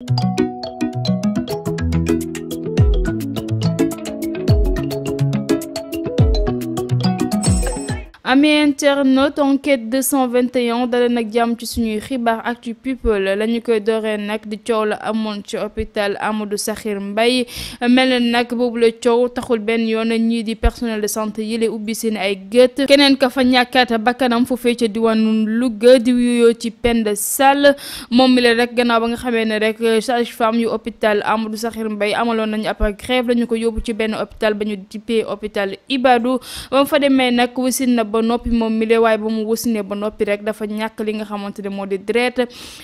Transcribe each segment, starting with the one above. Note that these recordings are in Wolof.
thank you amee internaute enquête 221 dala nag jàmm ci suñuy xibaar ak ci people la ñu koy dooree nag di coow la amoon ci hôpital Amadou Sakhir Mbaye mel na nag boobu la coow taxul benn yoon ñii di personnel de santé yi la ubbi seen ay gët keneen ka fa ñàkkaat bakkanam foofee ca diwaanu Louga di wuyoo ci Penda Sall moom mi rek gannaaw ba nga xamee ne rek sage-femme yu hôpital Amadou Sakhir mbay amaloon nañu après grève la ñu ko yóbbu ci benn hôpital ba ñu dippee hôpital Ibadou ba ba noppi moom mi le waaye ba mu wasine ba noppi rek dafa ñàkk li nga xamante ne moo di deret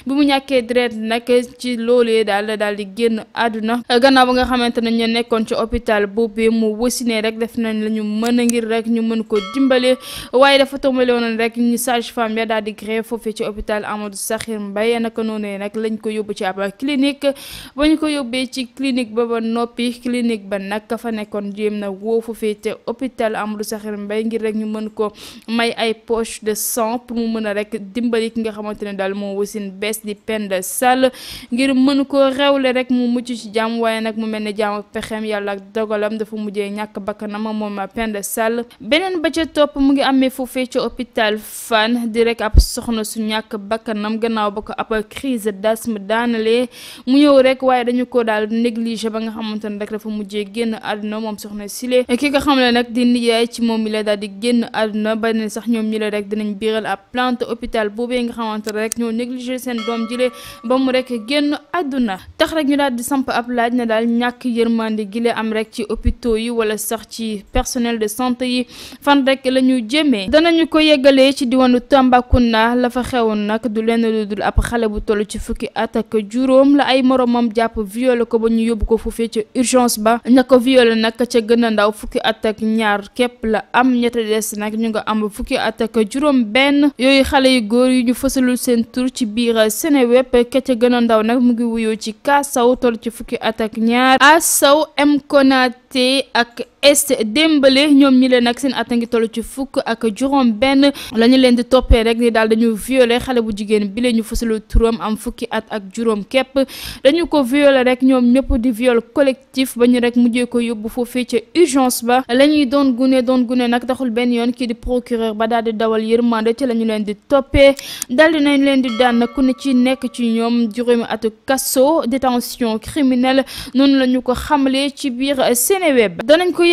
bi mu ñàkkee deret nag ci loolee daal daal di génn àdduna gannaaw ba nga xamante ne ñu nekkoon ci hôpital boobu mu wasine rek def nañ la ñu mën a ngir rek ñu mën ko dimbale waaye dafa tombale woon rek ñu sage femme ya daal di grève foofee ci hôpital Amadou Sakhir Mbaye naka noonu nag lañ ko yóbbu ci ab clinique ba ñu ko yóbbee ci clinique ba ba noppi clinique ba nag ka fa nekkoon jéem na woo foofee te hôpital Amadou Sakhir mbay ngir rek ñu mën ko may ay poche de sang pour mu mën a rek dimbali ki nga xamante ne daal moo wasin bees di Penda sal ngir mën ko rewle rek mu mucc ci jàmm waaye nag mu mel ne jàmm ak pexeem yàlla ak dogalam dafa mujjee ñàkk bakkanam moom Penda Sall beneen ba ca topp mu ngi amee foofee ca hôpital Fann di rek ab soxna su ñàkk bakkanam gannaaw ba ko ab crise d'asthme daanalee mu ñëw rek waaye dañu ko daal négligé ba nga xamante ne rek dafa mujjee génn àdduna moom soxna Sile ki nga xam ne nag di nijaay ci moom mi la daal di génn àdduna bañ ne sax ñoom ñi le rek dinañ biiral ab plainte hôpital boobee nga xamante ne rek ñoo négligé seen doom jile ba mu rek génn àdduna tax rek ñu daal di samp ab laaj na daal ñàkk yërmande gile am rek ci hôpitaux yi wala sax ci personnel de santé yi fan rek la ñu jëmee ñu ko yeggalee ci diwanu Tambacounda la fa xewoon nag du lenn lu dul ab xale bu toll ci fukki at ak juróom la ay moromam jàpp violé ko ba ñu yóbbu ko foofee ca urgence ba ña ko violé nag ca gën ndaw fukki at ak am fukki at ak juróom benn yooyu xale yu góor yu ñu fësalul seen tur ci biir Seneweb kecce gën a ndaw nag mu ngi wuyoo ci Ka Sow toll ci fukki at ñaar A Sow M ak est démbale ñoom ñi leen nag seen at a ngi toll ci fukk ak juróom benn la ñu leen di toppee rek ni daal dañu violé xale bu jigéen bi la ñu fësalu turam am fukki at ak juróom képp dañu ko violé rek ñoom ñëpp di viol collectif ba ñu rek mujjee ko yóbbu foofee ca urgence ba la ñuy doon gune doon gune nag taxul benn yoon kii di procureur ba daal di dawal yërmande ci la ñu leen di toppee daal di nañ leen di daan ku ne ci nekk ci ñoom juróomi atu kaso détention criminelle noonu la ñu ko xamle ci biir Seneweb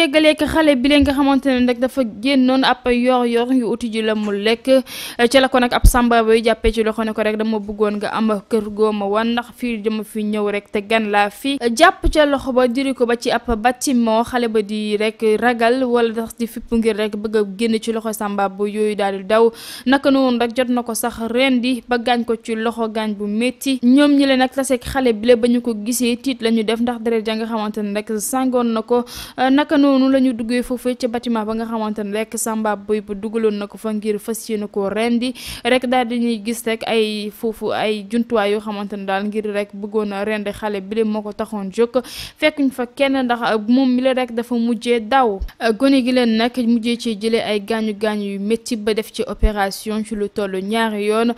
yeggaleek xale bi leen nga xamante ne nag dafa génnoon ab yor-yor yu uti ji la mu lekk ci la ko nag ab samba bay jàppee ci loxo ne ko rek dama bëggoon nga am kër goo ma wan ndax fii dama fi ñëw rek te gan laa fi jàpp ca loxo ba diri ko ba ci ab bâtiment xale ba di rek ragal wala dax di fipp ngir rek bëgg a génn ci loxo samba bu yooyu daal di daw naka noonu rek jot na ko sax rendi ba gaañ ko ci loxo gaañ bu métti ñoom ñi leen nag taseeg xale bi la ba ñu ko gisee tiit la ñu def ndax deret ja nga xamante ne rek sàngoon na ko naka noonu noonu la ñu duggee foofee ca bâtiment ba nga xamante ne rek Samba Boy dugaloon na ko fa ngir fas yéene koo rendi rek daal di ñu gis rek ay foofu ay jumtuwaay yoo xamante ne daal ngir rek bëggoon a rendi xale bi moo ko taxoon jóg fekkuñ fa kenn ndax moom mi la rek dafa mujje daw gone gi leen nag mujjee ci jëlee ay gaañu gaañu yu métti ba def ci opération ci lu tollu ñaari yoon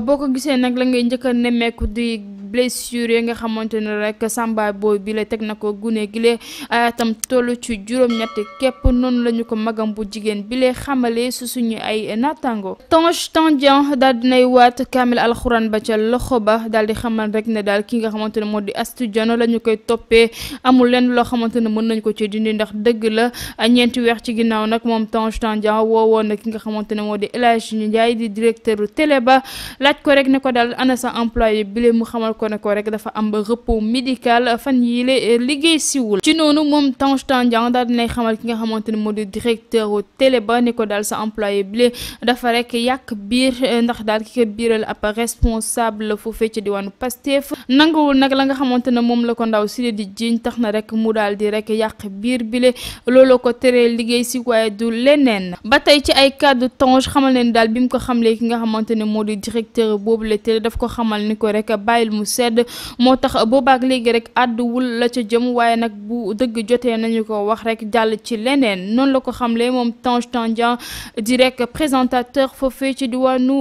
boo ko gisee nag la ngay njëkk a nemmeeku di. blessure yi nga xamante ne rek Samba Boy bi la teg na ko gune gile ah, tam toll ci juróom-ñetti képp noonu la ñu ko magam bu jigéen bi la xamale su suñu ay naataango. Tange Tandian daal dinay waat kaamil alxuraan ba ca loxo ba daal di xamal rek ne daal ki nga xamante ne moo di Astou Dione la ñu koy toppee amul leen loo xamante ne mën nañ ko ci dindi ndax dëgg la ñeenti weex ci ginnaaw nag moom Tange Tandian woowoon na ki nga xamante ne moo di El Hadji Ndiaye di directeur bi la mu ko rek dafa am repos médical fan yii le eh, liggéey siwul ci noonu moom Tange Tandian daal dinay xamal ki nga xamante ni moo di directeur télé ba ni ko daal sa employé bile dafa rek yàq biir eh, ndax daal ki ko biiral ab responsable foofee ci diwaanu Pastef nanguwul nag la nga xamante ne moom la ko ndaw si di jiñ tax na rek mu daal di rek yàq biir bi bile looloo ko teree liggéey si waaye du leneen ba tey ci ay kàddu Tange xamal ne daal bi mu ko xamlee ki nga xamante ne moo di directeur boobu la télé daf ko xamal ni ko rek bàyyil mu sedd moo tax boobaak léegi rek àdduwul la ca jëm waaye nag bu dëgg jotee nañu ko wax rek jàll ci leneen noonu la ko xamle moom Tange Tandian di rek présentateur foofee ci diwaanu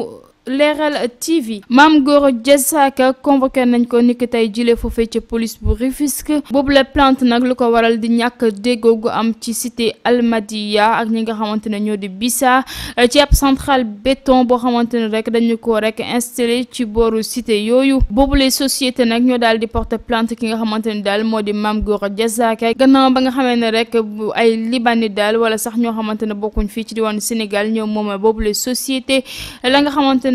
Leral TV Mame Gora Diazaka convoqué nañ ko niki tey jilee foofee ca police bu Rufisque boobu la plainte nag lu ko waral di ñàkk déggoo gu am ci cité Almadiya ak ñi nga xamante ne ñoo di Bissa ci ab centrale béton boo xamante ne rek dañu ko rek installé ci booru cité yooyu boobu les société nag ñoo daal di porter plainte ki nga xamante ne daal moo di Mame Gora Diazaka gannaaw ba nga xamee ne rek ay libani daal wala sax ñoo xamante ne bokkuñ fii ci diwaanu Sénégal ñoom moom boobu les société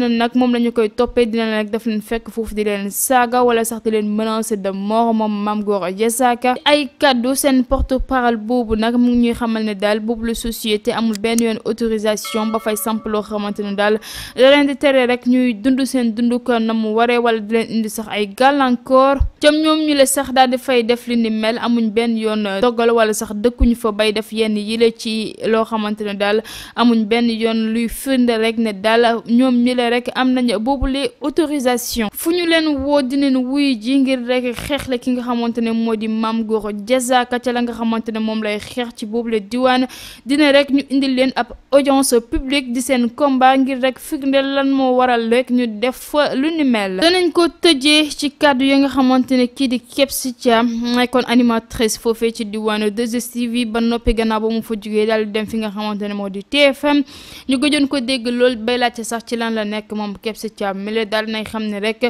ne nag moom la koy toppee dina leen nag daf leen fekk foofu di leen saaga wala sax di leen menacer de mort moom Mame Gora Diazaka ay kaddu seen porte paral boobu nag mu ngi ñuy xamal ne daal boobu la société amul benn yoon autorisation ba fay samp loo xamante ne daal da di tere rek ñuy dund seen dund ko na mu waree wala indi sax ay gàllankoor jëm ñoom ñu le sax daal di fay def li ni mel amuñ benn yoon dogal wala sax dëkkuñu fa bay def yenn yile ci loo xamante ne daal amuñ benn yoon luy firnde rek ne daal ñoom ñu le rek am nañ boobule autorisation fu ñu leen woo dinañ wuy ji ngir rek xeexle ki nga xamante ne moo di maam Mame Gora ka ca la nga xamante ne moom lay xeex ci boobule diwaan dina rek ñu indil leen ab audience publique di seen combat rek firndeel lan moo waral rek ñu def fa lu ni mel danañ ko tëjee ci kàddu ya nga xamante ne kii di Kebs Thiam kon animatrice foofee ci diwaanu 2STV ba noppi gannaaw ba mu fa jugee daal di dem fi nga xamante ne moo di TFM ñu gëjoon ko dégg lool bay laajte sax ci lan la nekk nekk moom Kebs Thiam mile daal nay xam ne rek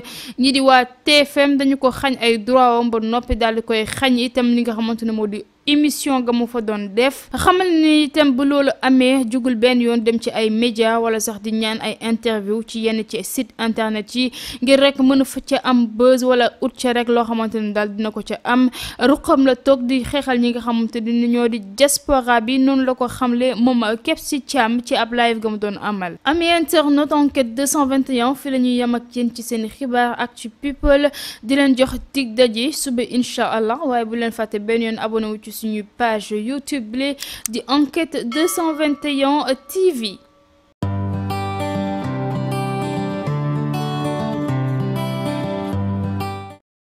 ñi di waa TFM dañu ko xañ ay droit am ba noppi daal di koy xañ itam li nga xamante ne moo di émission ga mu fa doon def xamal ni itam bu loolu amee jugul benn yoon dem ci ay média wala sax di ñaan ay interview ci yenn ci sit internet yi ngir rek mën fa ca am buzz wala ut ca rek loo xamante ni daal dina ko ca am ruqam la toog di xeexal ñi nga xamante ni ñoo di diaspora yi noonu la ko xamle moom Kebs Thiam ci ab live ga mu doon amal. ami internet enquête 221 fi la ñuy yem ak yéen ci seen xibaar ak ci people di leen jox dig daje suba incha allah waaye bu leen fàtte benn ci suñu page YouTube bi di enquête 221 euh, TV.